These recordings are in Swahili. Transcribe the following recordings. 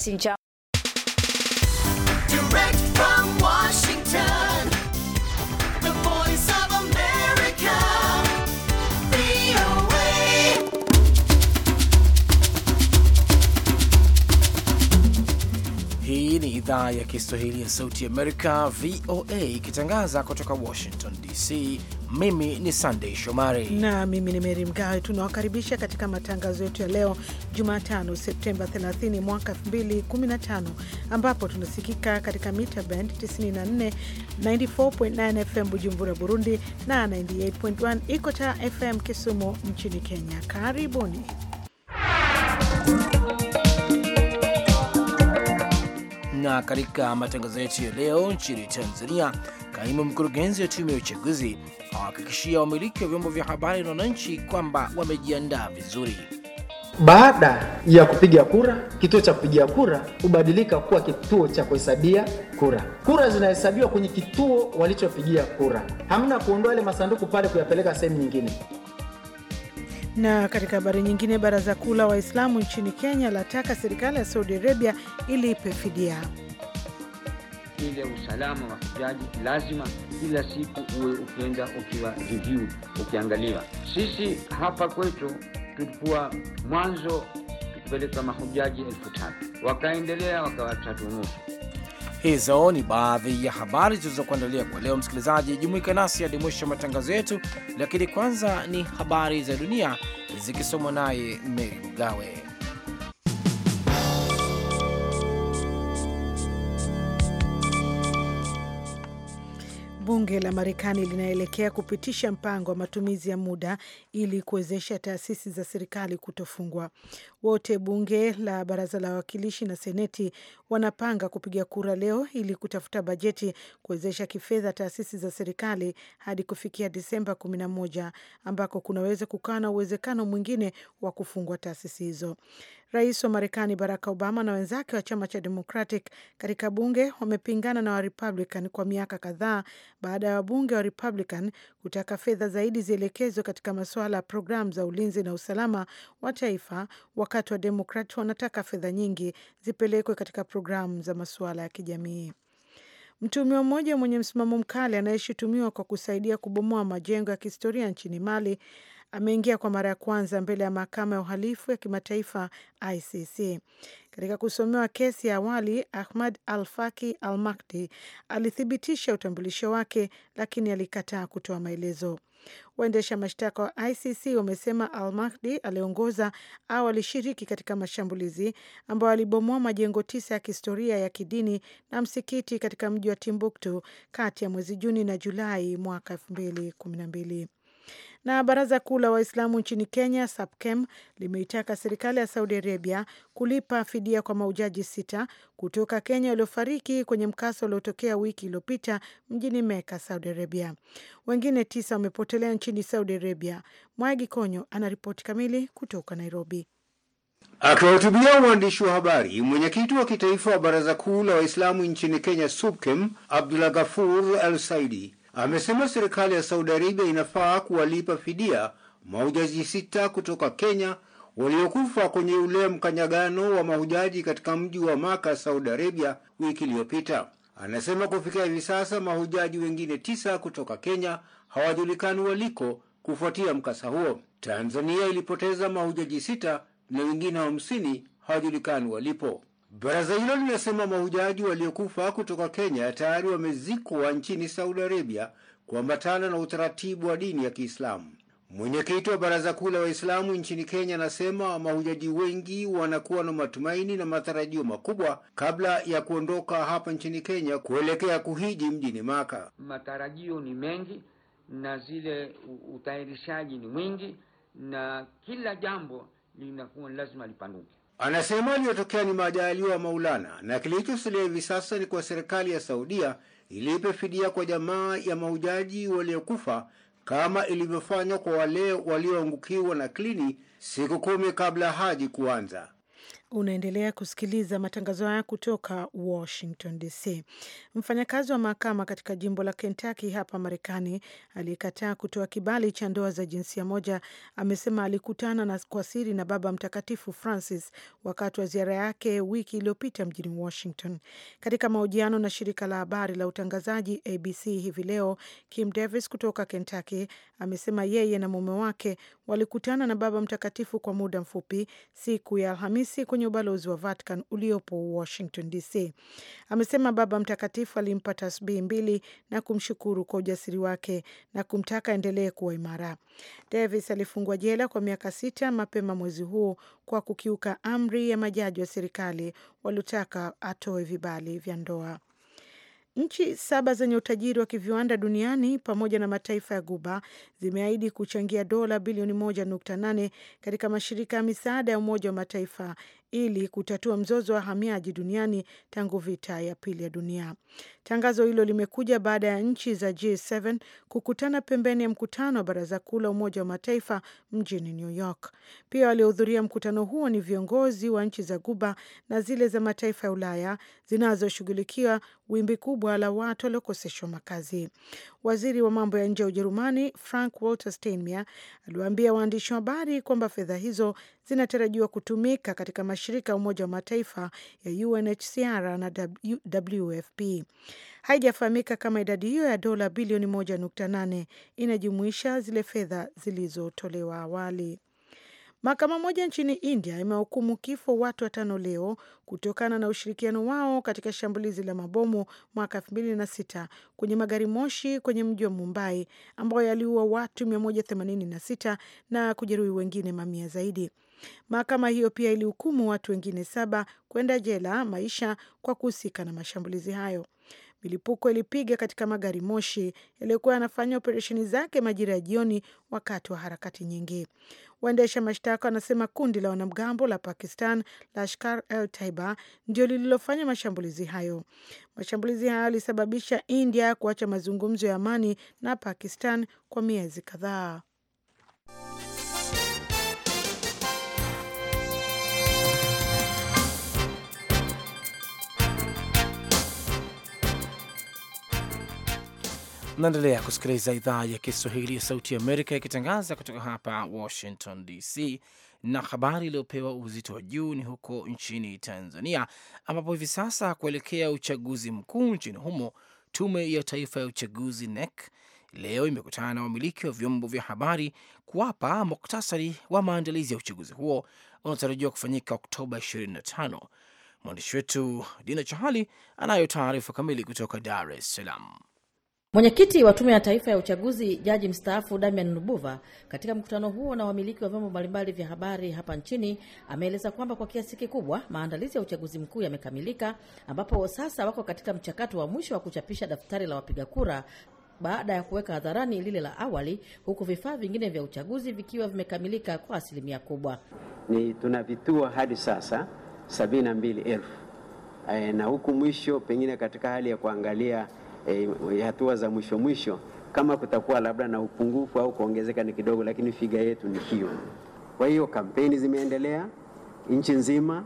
Xin chào. Direct from Washington. Hii ni idhaa ya Kiswahili ya Sauti Amerika, VOA, ikitangaza kutoka Washington DC. Mimi ni sandey Shomari na mimi ni Meri Mgawe. Tunawakaribisha katika matangazo yetu ya leo Jumatano, Septemba 30 mwaka 2015, ambapo tunasikika katika mita band 94, 94.9 FM Bujumbura, Burundi na 98.1 Ikota FM Kisumu nchini Kenya. Karibuni na katika matangazo yetu ya leo, nchini Tanzania, kaimu mkurugenzi wa tume ya uchaguzi awahakikishia wamiliki wa vyombo vya habari na wananchi kwamba wamejiandaa vizuri. Baada ya kupiga kura, kituo cha kupigia kura hubadilika kuwa kituo cha kuhesabia kura. Kura zinahesabiwa kwenye kituo walichopigia kura, hamna kuondoa yale masanduku pale kuyapeleka sehemu nyingine. Na katika habari nyingine, baraza kuu la Waislamu nchini Kenya lataka serikali ya Saudi Arabia iliipe fidia. Ile usalama wa hujaji lazima kila siku uwe ukienda ukiwa review, ukiangaliwa. Sisi hapa kwetu tulikuwa mwanzo tukipeleka mahujaji elfu tatu wakaendelea wakawa tatu nusu Hizo ni baadhi ya habari zilizokuandalia kwa leo. Msikilizaji, jumuika nasi hadi mwisho wa matangazo yetu, lakini kwanza ni habari za dunia zikisomwa naye Mary Mgawe. Bunge la Marekani linaelekea kupitisha mpango wa matumizi ya muda ili kuwezesha taasisi za serikali kutofungwa. Wote bunge la baraza la wawakilishi na seneti wanapanga kupiga kura leo ili kutafuta bajeti kuwezesha kifedha taasisi za serikali hadi kufikia Disemba 11 ambako kunaweza kukaa na uwezekano mwingine wa kufungwa taasisi hizo. Rais wa Marekani Barack Obama na wenzake wa chama cha Democratic katika bunge wamepingana na Warepublican kwa miaka kadhaa baada ya wabunge wa Republican kutaka fedha zaidi zielekezwe katika masuala ya programu za ulinzi na usalama wa taifa, wakati wa Demokrat wanataka fedha nyingi zipelekwe katika programu za masuala ya kijamii. mtumiwa mmoja mwenye msimamo mkali anayeshutumiwa kwa kusaidia kubomoa majengo ya kihistoria nchini Mali ameingia kwa mara ya kwanza mbele ya mahakama ya uhalifu ya kimataifa ICC. Katika kusomewa kesi ya awali, Ahmad Al Faki Al Makdi alithibitisha utambulisho wake, lakini alikataa kutoa maelezo. Waendesha mashtaka wa ICC wamesema Al Mahdi aliongoza au alishiriki katika mashambulizi ambayo alibomoa majengo tisa ya kihistoria ya kidini na msikiti katika mji wa Timbuktu kati ya mwezi Juni na Julai mwaka elfu mbili kumi na mbili. Na baraza kuu la Waislamu nchini Kenya, SAPKEM, limeitaka serikali ya Saudi Arabia kulipa fidia kwa maujaji sita kutoka Kenya waliofariki kwenye mkasa uliotokea wiki iliyopita mjini Meka, Saudi Arabia. Wengine tisa wamepotelea nchini Saudi Arabia. Mwagi Konyo anaripoti kamili kutoka Nairobi. Akiwahutubia waandishi wa habari, mwenyekiti wa kitaifa wa baraza kuu la Waislamu nchini Kenya, SUPKEM, Abdullah Ghafur Al Saidi Amesema serikali ya Saudi Arabia inafaa kuwalipa fidia mahujaji sita kutoka Kenya waliokufa kwenye ule mkanyagano wa mahujaji katika mji wa Maka, Saudi Arabia wiki iliyopita. Anasema kufikia hivi sasa mahujaji wengine tisa kutoka Kenya hawajulikani waliko kufuatia mkasa huo. Tanzania ilipoteza mahujaji sita na wengine hamsini hawajulikani walipo. Baraza hilo linasema mahujaji waliokufa kutoka Kenya tayari wamezikwa nchini Saudi Arabia kuambatana na utaratibu wa dini ya Kiislamu. Mwenyekiti wa Baraza Kuu la Waislamu nchini Kenya anasema mahujaji wengi wanakuwa na matumaini na matarajio makubwa kabla ya kuondoka hapa nchini Kenya kuelekea kuhiji mjini Maka. Matarajio ni mengi na zile utayarishaji ni mwingi na kila jambo linakuwa lazima lipanduke. Anasema aliyotokea ni majaliwa wa Maulana na kilichosalia hivi sasa ni kwa serikali ya Saudia ilipe fidia kwa jamaa ya maujaji waliokufa kama ilivyofanywa kwa wale walioangukiwa na klini siku kumi kabla haji kuanza. Unaendelea kusikiliza matangazo haya kutoka Washington DC. Mfanyakazi wa mahakama katika jimbo la Kentucky hapa Marekani aliyekataa kutoa kibali cha ndoa za jinsia moja amesema alikutana na kwa siri na Baba Mtakatifu Francis wakati wa ziara yake wiki iliyopita mjini Washington. Katika mahojiano na shirika la habari la utangazaji ABC hivi leo, Kim Davis kutoka Kentucky amesema yeye na mume wake walikutana na Baba Mtakatifu kwa muda mfupi siku ya Alhamisi kwenye ubalozi wa Vatican uliopo Washington DC. Amesema Baba Mtakatifu alimpa tasbihi mbili na kumshukuru kwa ujasiri wake na kumtaka endelee kuwa imara. Davis alifungwa jela kwa miaka sita mapema mwezi huu kwa kukiuka amri ya majaji wa serikali waliotaka atoe vibali vya ndoa. Nchi saba zenye utajiri wa kiviwanda duniani pamoja na mataifa ya Guba zimeahidi kuchangia dola bilioni 1.8 katika mashirika ya misaada ya Umoja wa Mataifa ili kutatua mzozo wa wahamiaji duniani tangu vita ya pili ya dunia. Tangazo hilo limekuja baada ya nchi za G7 kukutana pembeni ya mkutano wa Baraza Kuu la Umoja wa Mataifa mjini New York. Pia waliohudhuria mkutano huo ni viongozi wa nchi za Guba na zile za mataifa ya Ulaya zinazoshughulikiwa wimbi kubwa la watu waliokoseshwa makazi. Waziri wa mambo ya nje ya Ujerumani Frank Walter Steinmeier aliwaambia waandishi wa habari kwamba fedha hizo zinatarajiwa kutumika katika mashirika ya Umoja wa Mataifa ya UNHCR na WFP. Haijafahamika kama idadi hiyo ya dola bilioni 1.8 inajumuisha zile fedha zilizotolewa awali. Mahakama moja nchini India imehukumu kifo watu watano leo kutokana na ushirikiano wao katika shambulizi la mabomu mwaka 2006 kwenye magari moshi kwenye mji wa Mumbai ambayo yaliua watu 186 na kujeruhi wengine mamia zaidi. Mahakama hiyo pia ilihukumu watu wengine saba kwenda jela maisha kwa kuhusika na mashambulizi hayo. Milipuko ilipiga katika magari moshi yaliyokuwa yanafanya operesheni zake majira ya jioni wakati wa harakati nyingi. Waendesha mashtaka wanasema kundi la wanamgambo la Pakistan la Lashkar el Taiba ndio lililofanya mashambulizi hayo. Mashambulizi hayo yalisababisha India kuacha mazungumzo ya amani na Pakistan kwa miezi kadhaa. Naendelea kusikiliza idhaa ya Kiswahili ya Sauti Amerika ikitangaza kutoka hapa Washington DC, na habari iliyopewa uzito wa juu ni huko nchini Tanzania, ambapo hivi sasa kuelekea uchaguzi mkuu nchini humo, Tume ya Taifa ya Uchaguzi NEC leo imekutana na wamiliki wa vyombo vya habari kuwapa muktasari wa maandalizi ya uchaguzi huo unaotarajiwa kufanyika Oktoba 25. Mwandishi wetu Dina Chahali anayo taarifa kamili kutoka Dar es Salaam. Mwenyekiti wa Tume ya Taifa ya Uchaguzi, Jaji mstaafu Damian Lubuva, katika mkutano huo na wamiliki wa vyombo mbalimbali vya habari hapa nchini, ameeleza kwamba kwa kiasi kikubwa maandalizi ya uchaguzi mkuu yamekamilika, ambapo sasa wako katika mchakato wa mwisho wa kuchapisha daftari la wapiga kura baada ya kuweka hadharani lile la awali, huku vifaa vingine vya uchaguzi vikiwa vimekamilika kwa asilimia kubwa. Ni tuna vituo hadi sasa sabini na eh, huku mwisho pengine katika hali ya kuangalia e, hatua za mwisho mwisho, kama kutakuwa labda na upungufu au kuongezeka ni kidogo, lakini figa yetu ni hiyo. Kwa hiyo kampeni zimeendelea nchi nzima.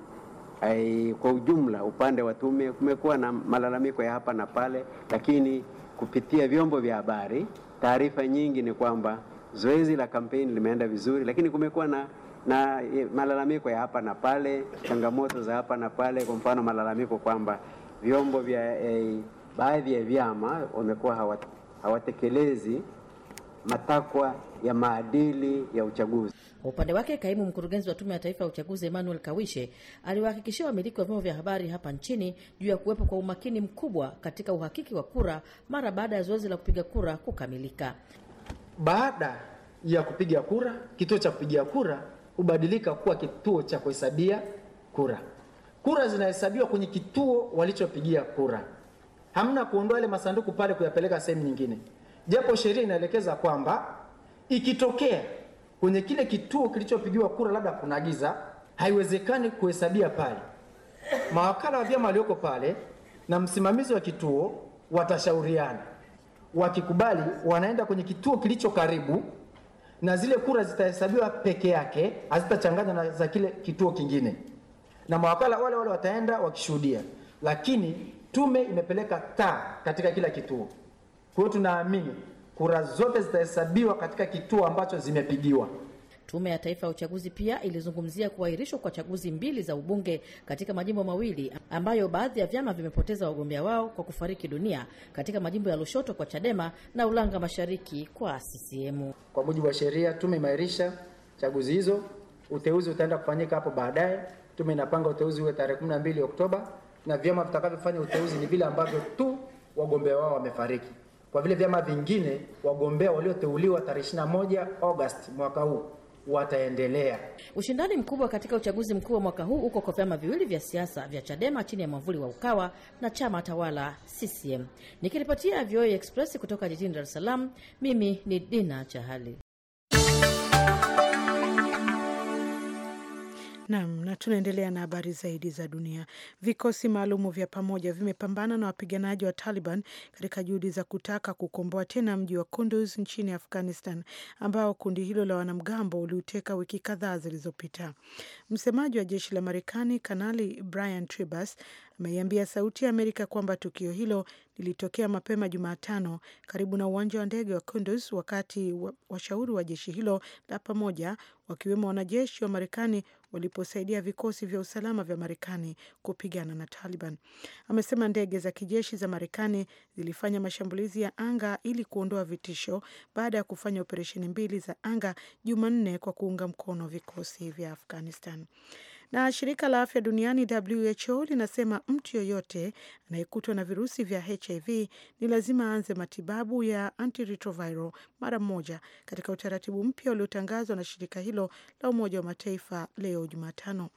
Ay, eh, kwa ujumla upande wa tume kumekuwa na malalamiko ya hapa na pale, lakini kupitia vyombo vya habari taarifa nyingi ni kwamba zoezi la kampeni limeenda vizuri, lakini kumekuwa na, na eh, malalamiko ya hapa na pale, changamoto za hapa na pale. Kwa mfano malalamiko kwamba vyombo vya eh, baadhi ya vyama wamekuwa hawatekelezi matakwa ya maadili ya uchaguzi. Kwa upande wake, kaimu mkurugenzi wa Tume ya Taifa ya Uchaguzi Emmanuel Kawishe aliwahakikishia wamiliki wa vyombo vya habari hapa nchini juu ya kuwepo kwa umakini mkubwa katika uhakiki wa kura mara baada ya zoezi la kupiga kura kukamilika. Baada ya kupiga kura, kituo cha kupigia kura hubadilika kuwa kituo cha kuhesabia kura. Kura zinahesabiwa kwenye kituo walichopigia kura hamna kuondoa ile masanduku pale kuyapeleka sehemu nyingine, japo sheria inaelekeza kwamba ikitokea kwenye kile kituo kilichopigiwa kura labda kuna giza, haiwezekani kuhesabia pale. Mawakala wa vyama walioko pale na msimamizi wa kituo watashauriana, wakikubali wanaenda kwenye kituo kilicho karibu na zile kura zitahesabiwa peke yake, hazitachanganywa na za kile kituo kingine, na mawakala wale wale wataenda wakishuhudia, lakini Tume imepeleka taa katika kila kituo, kwa hiyo tunaamini kura zote zitahesabiwa katika kituo ambacho zimepigiwa. Tume ya Taifa ya Uchaguzi pia ilizungumzia kuahirishwa kwa chaguzi mbili za ubunge katika majimbo mawili ambayo baadhi ya vyama vimepoteza wagombea wao kwa kufariki dunia katika majimbo ya Lushoto kwa Chadema na Ulanga Mashariki kwa CCM. Kwa mujibu wa sheria, tume imeahirisha chaguzi hizo. Uteuzi utaenda kufanyika hapo baadaye. Tume inapanga uteuzi huwe tarehe 12 Oktoba na vyama vitakavyofanya uteuzi ni vile ambavyo tu wagombea wao wamefariki. Kwa vile vyama vingine wagombea walioteuliwa tarehe 21 Agosti mwaka huu wataendelea. Ushindani mkubwa katika uchaguzi mkuu wa mwaka huu uko kwa vyama viwili vya siasa vya Chadema chini ya mwavuli wa Ukawa na chama tawala CCM. Nikiripotia VOA Express kutoka jijini Dar es Salaam, mimi ni Dina Chahali. Nam na tunaendelea na habari zaidi za dunia. Vikosi maalumu vya pamoja vimepambana na wapiganaji wa Taliban katika juhudi za kutaka kukomboa tena mji wa Kunduz nchini Afghanistan, ambao kundi hilo la wanamgambo uliuteka wiki kadhaa zilizopita. Msemaji wa jeshi la Marekani, Kanali Brian Tribas, ameiambia Sauti ya Amerika kwamba tukio hilo lilitokea mapema Jumatano karibu na uwanja wa ndege wa Kunduz, wakati washauri wa jeshi hilo la pamoja wakiwemo wanajeshi wa Marekani waliposaidia vikosi vya usalama vya Marekani kupigana na Taliban. Amesema ndege za kijeshi za Marekani zilifanya mashambulizi ya anga ili kuondoa vitisho baada ya kufanya operesheni mbili za anga Jumanne kwa kuunga mkono vikosi vya Afghanistan. Na shirika la afya duniani WHO linasema mtu yoyote anayekutwa na virusi vya HIV ni lazima aanze matibabu ya antiretroviral mara moja katika utaratibu mpya uliotangazwa na shirika hilo la Umoja wa Mataifa leo Jumatano.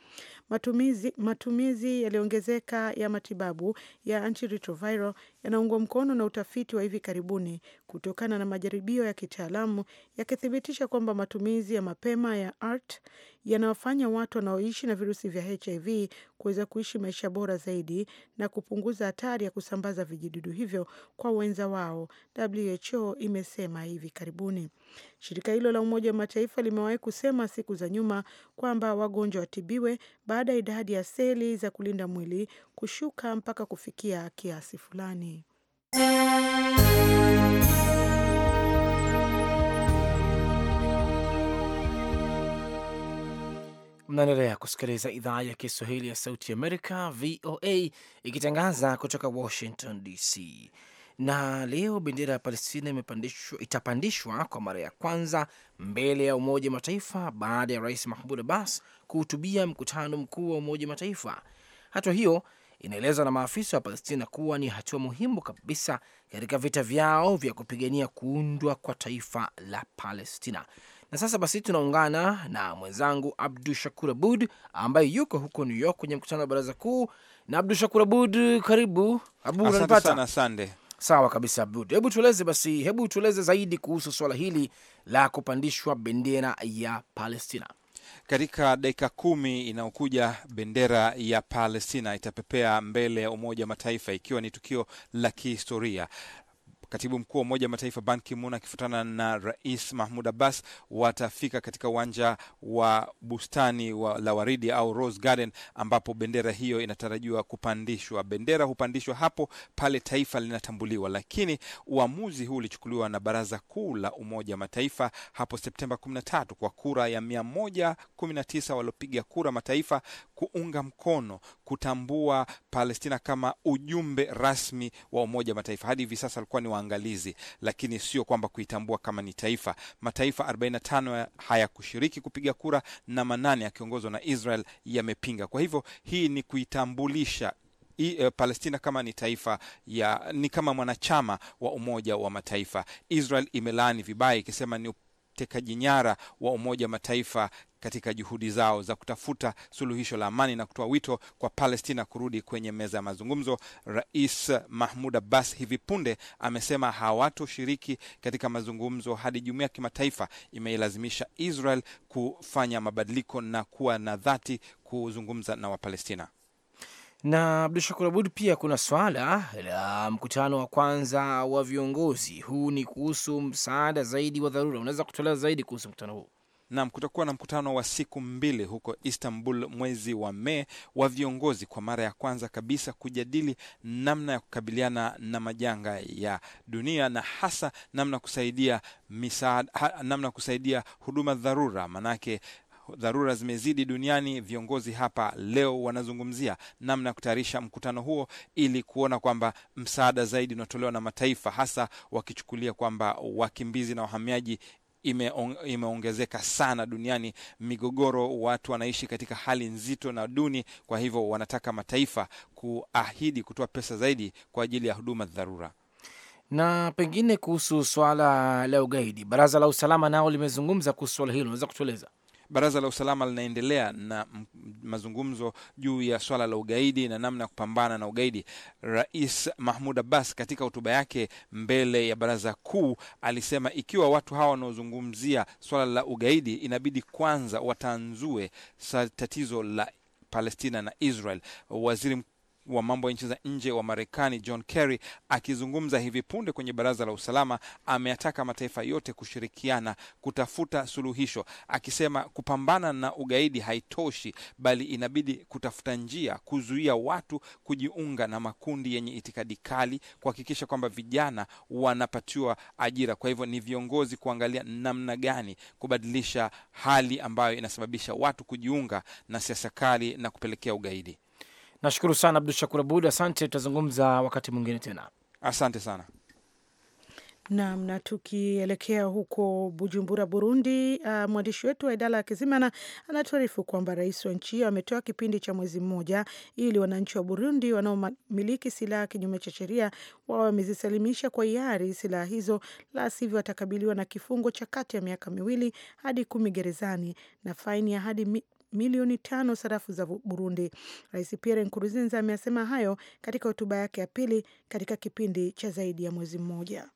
Matumizi, matumizi yaliyoongezeka ya matibabu ya antiretroviral yanaungwa mkono na utafiti wa hivi karibuni kutokana na majaribio ya kitaalamu yakithibitisha kwamba matumizi ya mapema ya ART yanawafanya watu wanaoishi na virusi vya HIV kuweza kuishi maisha bora zaidi na kupunguza hatari ya kusambaza vijidudu hivyo kwa wenza wao, WHO imesema hivi karibuni. Shirika hilo la Umoja wa Mataifa limewahi kusema siku za nyuma kwamba wagonjwa watibiwe baada ya idadi ya seli za kulinda mwili kushuka mpaka kufikia kiasi fulani. Mnaendelea kusikiliza idhaa ya Kiswahili ya Sauti Amerika, VOA, ikitangaza kutoka Washington DC. Na leo bendera ya Palestina itapandishwa kwa mara ya kwanza mbele ya Umoja Mataifa baada ya Rais Mahmud Abbas kuhutubia mkutano mkuu wa Umoja Mataifa. Hatua hiyo inaelezwa na maafisa wa Palestina kuwa ni hatua muhimu kabisa katika vita vyao vya kupigania kuundwa kwa taifa la Palestina. Na sasa basi, tunaungana na mwenzangu Abdu Shakur Abud ambaye yuko huko New York kwenye mkutano wa baraza kuu. Na Abdu Shakur Abud, karibu. Abu, asante sana, Sawa kabisa, Abud, hebu tueleze basi, hebu tueleze zaidi kuhusu swala hili la kupandishwa bendera ya Palestina. Katika dakika kumi inayokuja bendera ya Palestina itapepea mbele ya Umoja wa Mataifa, ikiwa ni tukio la kihistoria. Katibu mkuu wa Umoja wa Mataifa Ban kimun akifuatana na Rais Mahmud Abbas watafika katika uwanja wa bustani wa la waridi au Rose Garden, ambapo bendera hiyo inatarajiwa kupandishwa. Bendera hupandishwa hapo pale taifa linatambuliwa, lakini uamuzi huu ulichukuliwa na Baraza Kuu la Umoja wa Mataifa hapo Septemba 13 kwa kura ya 119 waliopiga kura mataifa kuunga mkono kutambua Palestina kama ujumbe rasmi wa Umoja wa Mataifa. Hadi hivi sasa walikuwa ni waangalizi, lakini sio kwamba kuitambua kama ni taifa. Mataifa 45 hayakushiriki kupiga kura na manane yakiongozwa na Israel yamepinga. Kwa hivyo hii ni kuitambulisha I, uh, Palestina kama ni taifa ya ni kama mwanachama wa Umoja wa Mataifa. Israel imelaani vibaya ikisema ni watekaji nyara wa Umoja wa Mataifa katika juhudi zao za kutafuta suluhisho la amani na kutoa wito kwa Palestina kurudi kwenye meza ya mazungumzo. Rais Mahmud Abbas hivi punde amesema hawatoshiriki katika mazungumzo hadi jumuiya ya kimataifa imeilazimisha Israel kufanya mabadiliko na kuwa na dhati kuzungumza na Wapalestina. Na Abdu Shakur Abud, pia kuna swala la mkutano wa kwanza wa viongozi. Huu ni kuhusu msaada zaidi wa dharura. Unaweza kutolea zaidi kuhusu mkutano huu? Nam, kutakuwa na mkutano wa siku mbili huko Istanbul mwezi wa Mei wa viongozi kwa mara ya kwanza kabisa kujadili namna ya kukabiliana na majanga ya dunia na hasa namna kusaidia misaada, namna kusaidia huduma dharura, manake dharura zimezidi duniani, viongozi hapa leo wanazungumzia namna ya kutayarisha mkutano huo ili kuona kwamba msaada zaidi unatolewa na mataifa, hasa wakichukulia kwamba wakimbizi na wahamiaji imeongezeka sana duniani. Migogoro, watu wanaishi katika hali nzito na duni. Kwa hivyo wanataka mataifa kuahidi kutoa pesa zaidi kwa ajili ya huduma dharura. Na pengine kuhusu swala la ugaidi, baraza la usalama nao limezungumza kuhusu swala hilo, unaweza kutueleza? Baraza la Usalama linaendelea na mazungumzo juu ya swala la ugaidi na namna ya kupambana na ugaidi. Rais Mahmud Abbas katika hotuba yake mbele ya baraza kuu alisema ikiwa watu hawa wanaozungumzia swala la ugaidi, inabidi kwanza watanzue tatizo la Palestina na Israel. Waziri wa mambo ya nchi za nje wa Marekani John Kerry akizungumza hivi punde kwenye baraza la usalama ameyataka mataifa yote kushirikiana kutafuta suluhisho, akisema kupambana na ugaidi haitoshi, bali inabidi kutafuta njia kuzuia watu kujiunga na makundi yenye itikadi kali, kuhakikisha kwamba vijana wanapatiwa ajira. Kwa hivyo ni viongozi kuangalia namna gani kubadilisha hali ambayo inasababisha watu kujiunga na siasa kali na kupelekea ugaidi. Nashukuru sana Abdu Shakur Abud, asante. Tutazungumza wakati mwingine tena, asante sana. Naam, na tukielekea huko Bujumbura, Burundi, uh, mwandishi wetu wa idara ya Kizimana anatuarifu kwamba rais wa nchi hiyo ametoa kipindi cha mwezi mmoja ili wananchi wa Burundi wanaomiliki silaha kinyume cha sheria wao wamezisalimisha kwa hiari silaha hizo, la sivyo watakabiliwa na kifungo cha kati ya miaka miwili hadi kumi gerezani na faini ya hadi milioni tano sarafu za Burundi. Rais Pierre Nkurunziza amesema hayo katika hotuba yake ya pili katika kipindi cha zaidi ya mwezi mmoja.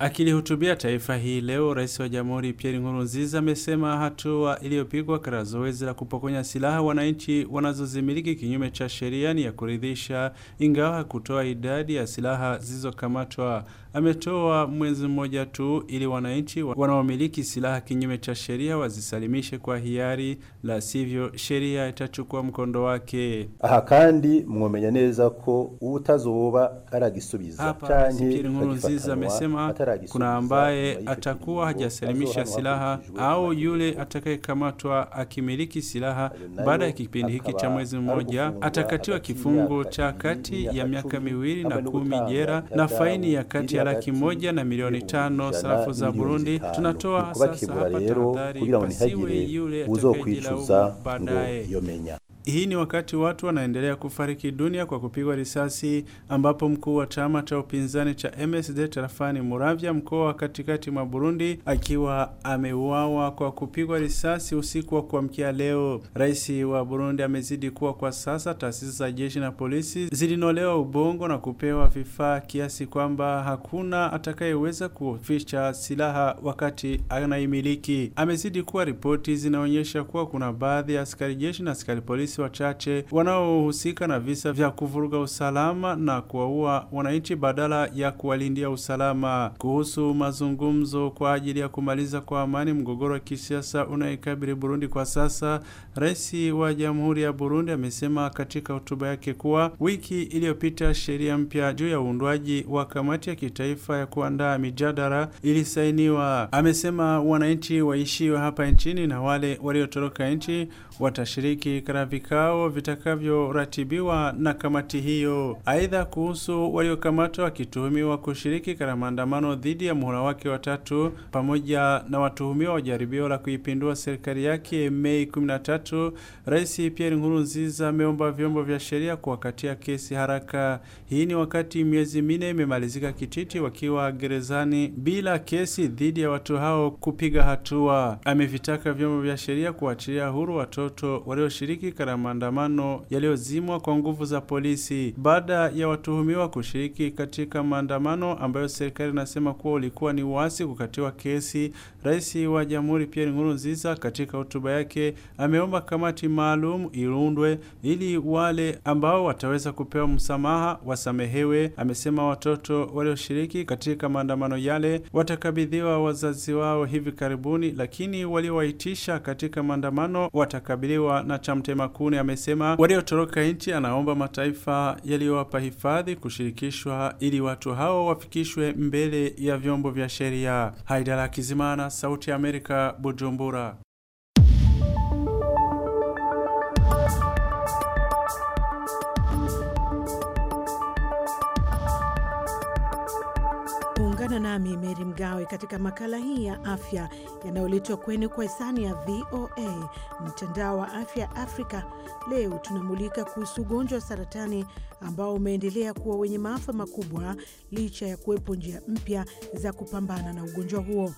Akilihutubia taifa hii leo, rais wa jamhuri Pierre Nkurunziza amesema hatua iliyopigwa katika zoezi la kupokonya silaha wananchi wanazozimiliki kinyume cha sheria ni ya kuridhisha, ingawa kutoa idadi ya silaha zilizokamatwa ametoa mwezi mmoja tu ili wananchi wanaomiliki silaha kinyume cha sheria wazisalimishe kwa hiari, la sivyo sheria itachukua mkondo wake. aha kandi mwomenya neza ko utazoba aragisubiza. Hapa Sipyeri Nkurunziza amesema kuna ambaye atakuwa hajasalimisha silaha au yule atakayekamatwa akimiliki silaha baada ya kipindi hiki cha mwezi mmoja atakatiwa kifungo cha kati ya miaka miwili na kumi jera na faini ya kati ya laki moja na milioni tano sarafu za Burundi. Tunatoa sasa hapa tahadhari, pasiwe yule atakayejilau baadaye. Hii ni wakati watu wanaendelea kufariki dunia kwa kupigwa risasi, ambapo mkuu wa chama cha upinzani cha MSD tarafani Muravya, mkoa wa katikati mwa Burundi, akiwa ameuawa kwa kupigwa risasi usiku wa kuamkia leo. Rais wa Burundi amezidi kuwa kwa sasa taasisi za jeshi na polisi zilinolewa ubongo na kupewa vifaa kiasi kwamba hakuna atakayeweza kuficha silaha wakati anaimiliki. Amezidi kuwa ripoti zinaonyesha kuwa kuna baadhi ya askari jeshi na askari polisi polisi wachache wanaohusika na visa vya kuvuruga usalama na kuwaua wananchi badala ya kuwalindia usalama. Kuhusu mazungumzo kwa ajili ya kumaliza kwa amani mgogoro wa kisiasa unaikabili Burundi kwa sasa, Rais wa Jamhuri ya Burundi amesema katika hotuba yake kuwa wiki iliyopita sheria mpya juu ya uundwaji wa kamati ya kitaifa ya kuandaa mijadala ilisainiwa. Amesema wananchi waishiwe hapa nchini na wale waliotoroka nchi watashiriki katika vikao vitakavyoratibiwa na kamati hiyo. Aidha, kuhusu waliokamatwa wakituhumiwa kushiriki katika maandamano dhidi ya muhula wake watatu pamoja na watuhumiwa wa jaribio la kuipindua serikali yake Mei 13, Rais Pierre Nkurunziza ameomba vyombo vya sheria kuwakatia kesi haraka. Hii ni wakati miezi minne imemalizika kititi wakiwa gerezani bila kesi dhidi ya watu hao kupiga hatua. Amevitaka vyombo vya sheria kuachilia huru watoto walioshiriki katika maandamano yaliyozimwa kwa nguvu za polisi baada ya watuhumiwa kushiriki katika maandamano ambayo serikali inasema kuwa ulikuwa ni uasi kukatiwa kesi. Rais wa Jamhuri Pierre Nkurunziza katika hotuba yake ameomba kamati maalum iundwe ili wale ambao wataweza kupewa msamaha wasamehewe. Amesema watoto walioshiriki katika maandamano yale watakabidhiwa wazazi wao hivi karibuni, lakini waliowaitisha katika maandamano watakabiliwa na chamtema Makune amesema waliotoroka nchi anaomba mataifa yaliyowapa hifadhi kushirikishwa ili watu hao wafikishwe mbele ya vyombo vya sheria. Haidara Kizimana, Sauti ya Amerika, Bujumbura. Ungana nami Meri Mgawe katika makala hii ya afya yanayoletwa kwenu kwa hisani ya VOA, mtandao wa afya Afrika. Leo tunamulika kuhusu ugonjwa wa saratani ambao umeendelea kuwa wenye maafa makubwa licha ya kuwepo njia mpya za kupambana na ugonjwa huo.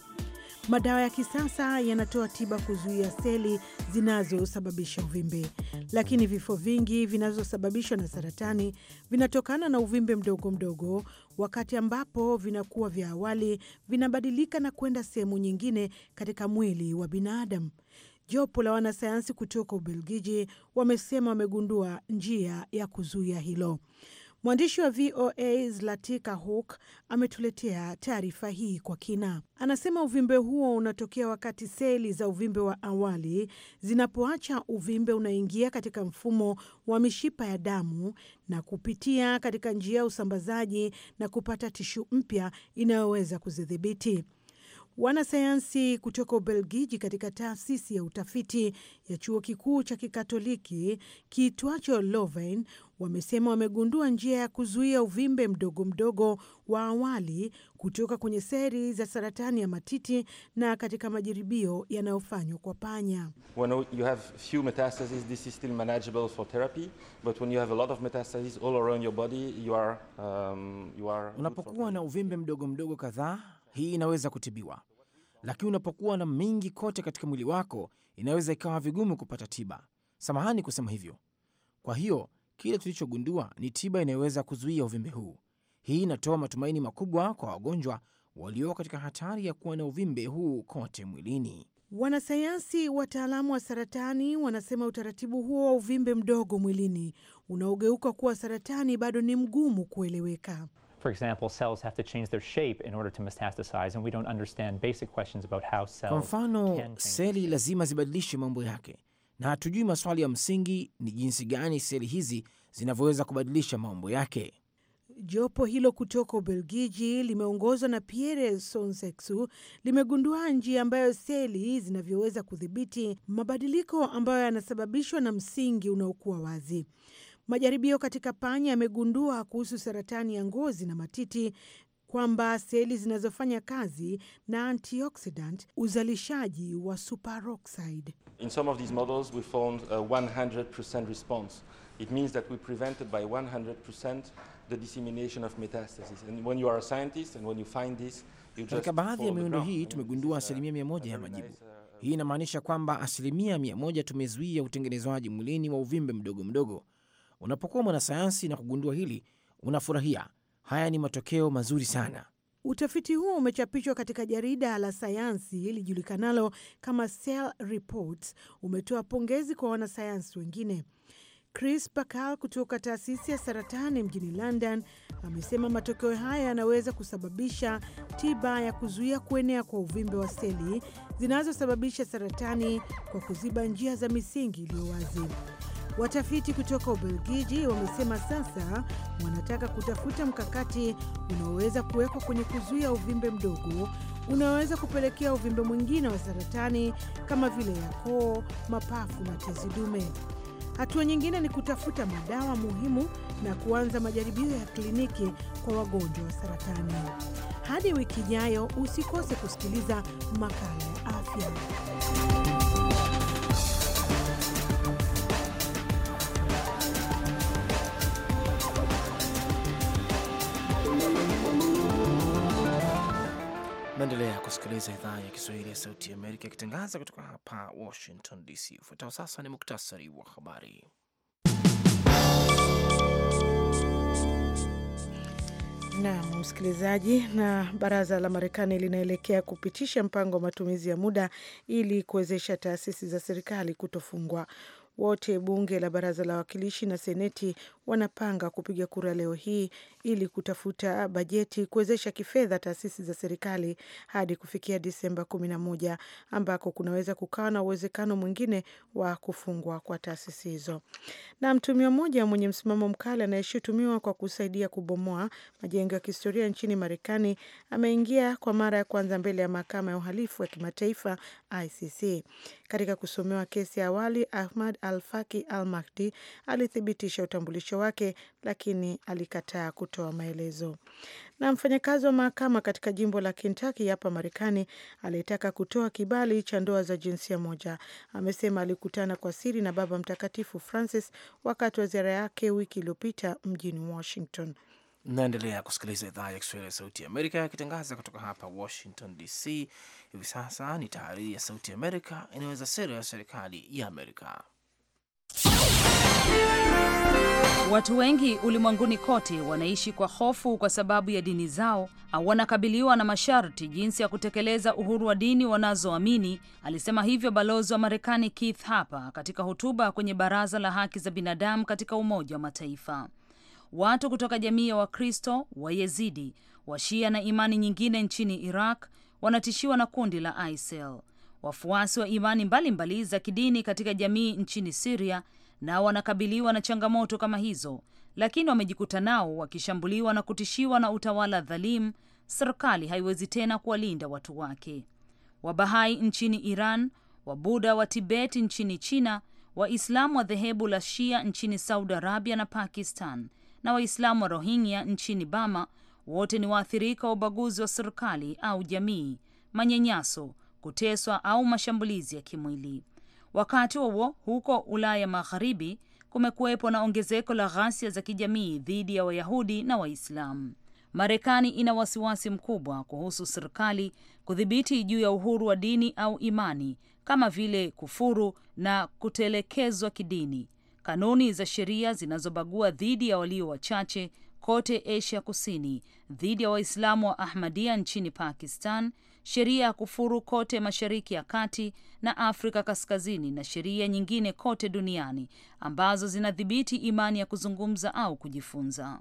Madawa ya kisasa yanatoa tiba kuzuia seli zinazosababisha uvimbe, lakini vifo vingi vinazosababishwa na saratani vinatokana na uvimbe mdogo mdogo, wakati ambapo vinakuwa vya awali, vinabadilika na kwenda sehemu nyingine katika mwili wa binadamu. Jopo la wanasayansi kutoka Ubelgiji wamesema wamegundua njia ya kuzuia hilo. Mwandishi wa VOA Zlatika Hook ametuletea taarifa hii kwa kina. Anasema uvimbe huo unatokea wakati seli za uvimbe wa awali zinapoacha uvimbe, unaingia katika mfumo wa mishipa ya damu na kupitia katika njia ya usambazaji na kupata tishu mpya inayoweza kuzidhibiti. Wanasayansi kutoka Ubelgiji katika taasisi ya utafiti ya chuo kikuu cha kikatoliki kiitwacho Leuven wamesema wamegundua njia ya kuzuia uvimbe mdogo mdogo wa awali kutoka kwenye seli za saratani ya matiti na katika majaribio yanayofanywa kwa panya. Unapokuwa na uvimbe mdogo mdogo kadhaa, hii inaweza kutibiwa lakini unapokuwa na mingi kote katika mwili wako inaweza ikawa vigumu kupata tiba. Samahani kusema hivyo. Kwa hiyo kile tulichogundua ni tiba inayoweza kuzuia uvimbe huu. Hii inatoa matumaini makubwa kwa wagonjwa walio katika hatari ya kuwa na uvimbe huu kote mwilini. Wanasayansi wataalamu wa saratani wanasema utaratibu huo wa uvimbe mdogo mwilini unaogeuka kuwa saratani bado ni mgumu kueleweka. For example, cells have to change their shape in order to metastasize and we don't understand basic questions about how cells. Kwa mfano, seli lazima zibadilishe mambo yake na hatujui maswali ya msingi ni jinsi gani seli hizi zinavyoweza kubadilisha mambo yake. Jopo hilo kutoka Ubelgiji limeongozwa na Pierre Sonseksu limegundua njia ambayo seli zinavyoweza kudhibiti mabadiliko ambayo yanasababishwa na msingi unaokuwa wazi. Majaribio katika panya yamegundua kuhusu saratani ya ngozi na matiti kwamba seli zinazofanya kazi na antioksidant uzalishaji wa superoxide. In some of these models we found a 100% response. It means that we prevented by 100% the dissemination of metastasis. And when you are a scientist and when you find this, you just Katika baadhi ya miundo hii tumegundua uh, asilimia mia moja ya majibu. Uh, hii inamaanisha kwamba asilimia mia moja tumezuia utengenezwaji mwilini wa uvimbe mdogo mdogo Unapokuwa mwanasayansi na kugundua hili, unafurahia. Haya ni matokeo mazuri sana. Utafiti huo umechapishwa katika jarida la sayansi ilijulikanalo kama Cell Reports. Umetoa pongezi kwa wanasayansi wengine. Chris Bakal kutoka taasisi ya saratani mjini London amesema matokeo haya yanaweza kusababisha tiba ya kuzuia kuenea kwa uvimbe wa seli zinazosababisha saratani kwa kuziba njia za misingi iliyo wazi. Watafiti kutoka Ubelgiji wamesema sasa wanataka kutafuta mkakati unaoweza kuwekwa kwenye kuzuia uvimbe mdogo unaoweza kupelekea uvimbe mwingine wa saratani kama vile ya koo, mapafu na tezi dume. Hatua nyingine ni kutafuta madawa muhimu na kuanza majaribio ya kliniki kwa wagonjwa wa saratani. Hadi wiki ijayo, usikose kusikiliza makala ya afya. Naendelea kusikiliza idhaa ya Kiswahili ya Sauti ya Amerika ikitangaza kutoka hapa Washington DC. Ufuatao sasa ni muktasari wa habari. Naam msikilizaji, na baraza la Marekani linaelekea kupitisha mpango wa matumizi ya muda ili kuwezesha taasisi za serikali kutofungwa wote bunge la baraza la wawakilishi na seneti wanapanga kupiga kura leo hii ili kutafuta bajeti kuwezesha kifedha taasisi za serikali hadi kufikia Disemba 11 ambako kunaweza kukawa na uwezekano mwingine wa kufungwa kwa taasisi hizo. Na mtumio mmoja mwenye msimamo mkali anayeshutumiwa kwa kusaidia kubomoa majengo ya kihistoria nchini Marekani ameingia kwa mara ya kwanza mbele ya mahakama ya uhalifu wa kimataifa ICC katika kusomewa kesi ya awali Ahmad al-Faki al-Mahdi alithibitisha utambulisho wake, lakini alikataa kutoa maelezo. Na mfanyakazi wa mahakama katika jimbo la Kentucky hapa Marekani aliyetaka kutoa kibali cha ndoa za jinsia moja amesema alikutana kwa siri na Baba Mtakatifu Francis wakati wa ziara yake wiki iliyopita mjini Washington. Naendelea kusikiliza idhaa ya Kiswahili ya Sauti ya Amerika yakitangaza kutoka hapa Washington DC. Hivi sasa ni tahariri ya Sauti ya Amerika inaweza sera ya serikali ya Amerika. Watu wengi ulimwenguni kote wanaishi kwa hofu kwa sababu ya dini zao au wanakabiliwa na masharti jinsi ya kutekeleza uhuru wa dini wanazoamini. Alisema hivyo balozi wa Marekani Keith Harper katika hotuba kwenye Baraza la Haki za Binadamu katika Umoja wa Mataifa. Watu kutoka jamii ya Wakristo, Wayezidi, Washia na imani nyingine nchini Iraq wanatishiwa na kundi la ISIL wafuasi wa imani mbalimbali mbali za kidini katika jamii nchini Siria nao wanakabiliwa na changamoto kama hizo, lakini wamejikuta nao wakishambuliwa na kutishiwa na utawala dhalimu. Serikali haiwezi tena kuwalinda watu wake. Wabahai nchini Iran, Wabuda wa Tibet nchini China, Waislamu wa dhehebu la Shia nchini Saudi Arabia na Pakistan na Waislamu wa Rohingya nchini Bama wote ni waathirika wa ubaguzi wa serikali au jamii, manyanyaso kuteswa au mashambulizi ya kimwili. Wakati huo huko Ulaya Magharibi kumekuwepo na ongezeko la ghasia za kijamii dhidi ya Wayahudi na Waislamu. Marekani ina wasiwasi mkubwa kuhusu serikali kudhibiti juu ya uhuru wa dini au imani kama vile kufuru na kutelekezwa kidini, kanuni za sheria zinazobagua dhidi ya walio wachache kote Asia Kusini, dhidi ya Waislamu wa Ahmadia nchini Pakistan sheria ya kufuru kote Mashariki ya Kati na Afrika Kaskazini na sheria nyingine kote duniani ambazo zinadhibiti imani ya kuzungumza au kujifunza.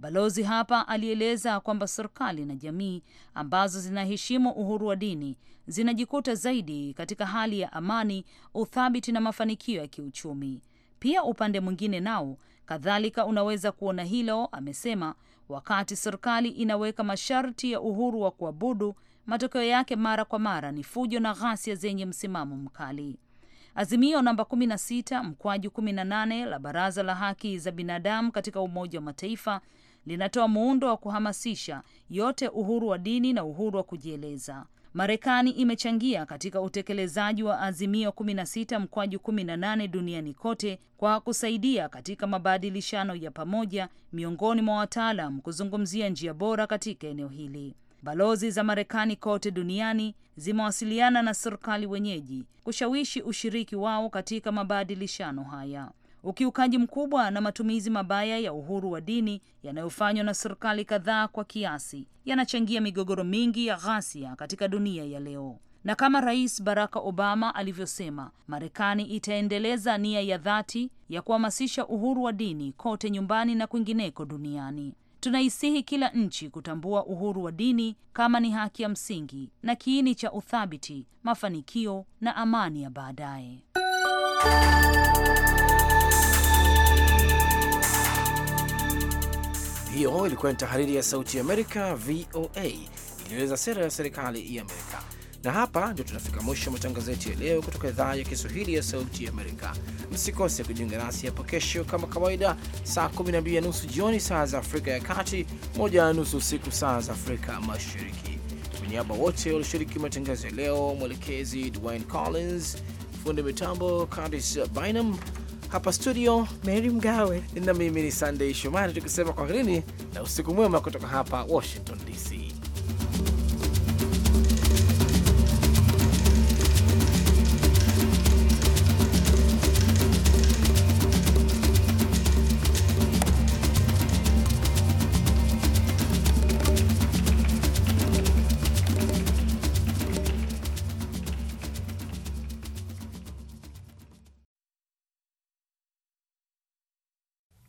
Balozi hapa alieleza kwamba serikali na jamii ambazo zinaheshimu uhuru wa dini zinajikuta zaidi katika hali ya amani, uthabiti na mafanikio ya kiuchumi. Pia upande mwingine nao kadhalika unaweza kuona hilo, amesema. Wakati serikali inaweka masharti ya uhuru wa kuabudu matokeo yake mara kwa mara ni fujo na ghasia zenye msimamo mkali. Azimio namba 16 mkwaju 18 la Baraza la Haki za Binadamu katika Umoja wa Mataifa linatoa muundo wa kuhamasisha yote uhuru wa dini na uhuru wa kujieleza. Marekani imechangia katika utekelezaji wa azimio 16 mkwaju 18 duniani kote kwa kusaidia katika mabadilishano ya pamoja miongoni mwa wataalam kuzungumzia njia bora katika eneo hili. Balozi za Marekani kote duniani zimewasiliana na serikali wenyeji kushawishi ushiriki wao katika mabadilishano haya. Ukiukaji mkubwa na matumizi mabaya ya uhuru wa dini yanayofanywa na serikali kadhaa kwa kiasi yanachangia migogoro mingi ya ghasia katika dunia ya leo. Na kama Rais Barack Obama alivyosema, Marekani itaendeleza nia ya dhati ya kuhamasisha uhuru wa dini kote nyumbani na kwingineko duniani. Tunaisihi kila nchi kutambua uhuru wa dini kama ni haki ya msingi na kiini cha uthabiti, mafanikio na amani ya baadaye. Hiyo ilikuwa ni tahariri ya Sauti ya Amerika, VOA, iliyoeleza sera ya serikali ya Amerika. Na hapa ndio tunafika mwisho matangazo yetu ya leo kutoka idhaa ya Kiswahili ya Sauti ya Amerika. Msikose kujiunga nasi hapo kesho kama kawaida, saa 12 na nusu jioni saa za Afrika ya Kati, moja na nusu usiku saa za Afrika Mashariki. Kwa niaba wote walioshiriki matangazo ya leo, mwelekezi Dwayne Collins, fundi mitambo Curtis Bynum, hapa studio Mary Mgawe na mimi ni sandey Shomari, tukisema kwaherini na usiku mwema kutoka hapa Washington DC.